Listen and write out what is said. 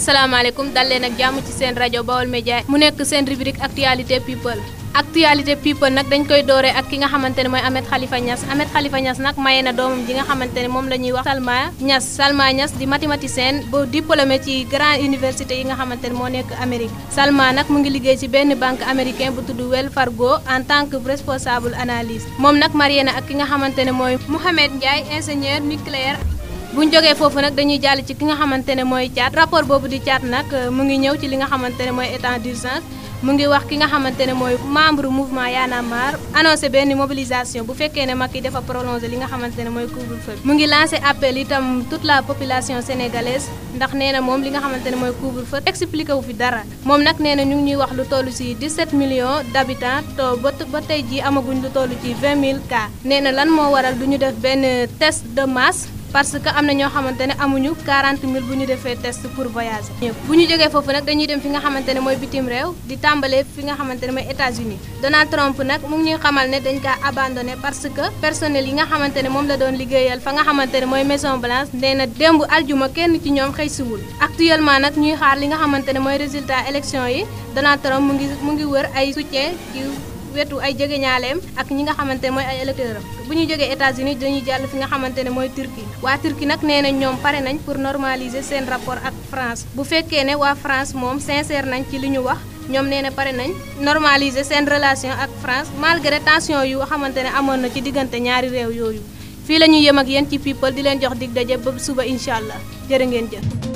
asalaamaaleykum dal leen ak jàmm ci seen rajo Baol Média mu nekk seen rubrique actualité people actualité people nag dañ koy dooree ak ki nga xamante ne mooy Ahmed Khalifa Niass Ahmed Khalifa Niass nag maye na doomam ji nga xamante ne moom la ñuy wax Salma ñas Salma Niass di mathématicien bu diplômé ci grand université yi nga xamante ne moo nekk Amérique Salma nag mu ngi liggéey ci benn banque américain bu tudd wel Fargo en tant que responsable analyse moom nag marié na ak ki nga xamante ne mooy Mouhamed Ndiaye ingénieur nucléaire bu ñu jógee foofu nag dañuy jàll ci ki nga xamante ne mooy caat rapport boobu di caat nag euh, mu ngi ñëw ci li nga xamante ne mooy état d'urgence mu ngi wax ki nga xamante ne mooy membre mouvement Y'en a benn mobilisation bu fekkee ne mag yi defa prolongé li nga xamante ne mooy couvre-feu mu ngi lancé appel itam tout la population sénégalaise ndax nee na moom li nga xamante ne mooy couvre-feu expliqué wu fi dara moom nag nee na ñu ngi ñuy wax lu toll ci 17 millions d'habitants to ba ba tey jii amaguñ lu toll ci 20 000 cas nee na lan moo waral du ñu def benn test de masse parce que am na ñoo xamante ne amuñu 40 000 bu ñu defee test pour voyager. bu ñu jógee foofu nag dañuy dem fi nga xamante ne mooy bitim réew di tàmbalee fi nga xamante ne mooy États-Unis Donald Trump nag mu ngi xamal ne dañ kaa abandonné parce que personnel yi nga xamante ne moom la doon liggéeyal fa nga xamante ne mooy Maison Blanche nee na démb aljuma kenn ci ñoom xëy siwul actuellement nag ñuy xaar li nga xamante ne mooy résultat élection yi Donald Trump mu ngi mu ngi wër ay soutien wetu ay ñaaleem ak ñi nga xamante ne mooy ay électeurs am bu ñu jógee États-Unis dañuy jàll fi nga xamante ne mooy Turquie waa Turquie nag nee nañ ñoom pare nañ pour normaliser seen rapport ak France bu fekkee ne waa France moom sincère nañ ci li ñu wax ñoom nee na pare nañ normaliser seen relation ak France malgré tension yu xamante ne amoon na ci diggante ñaari réew yooyu fii la ñuy yem ak yéen ci people di leen jox dig daje ba suba incha allah jërë ngeen jëf.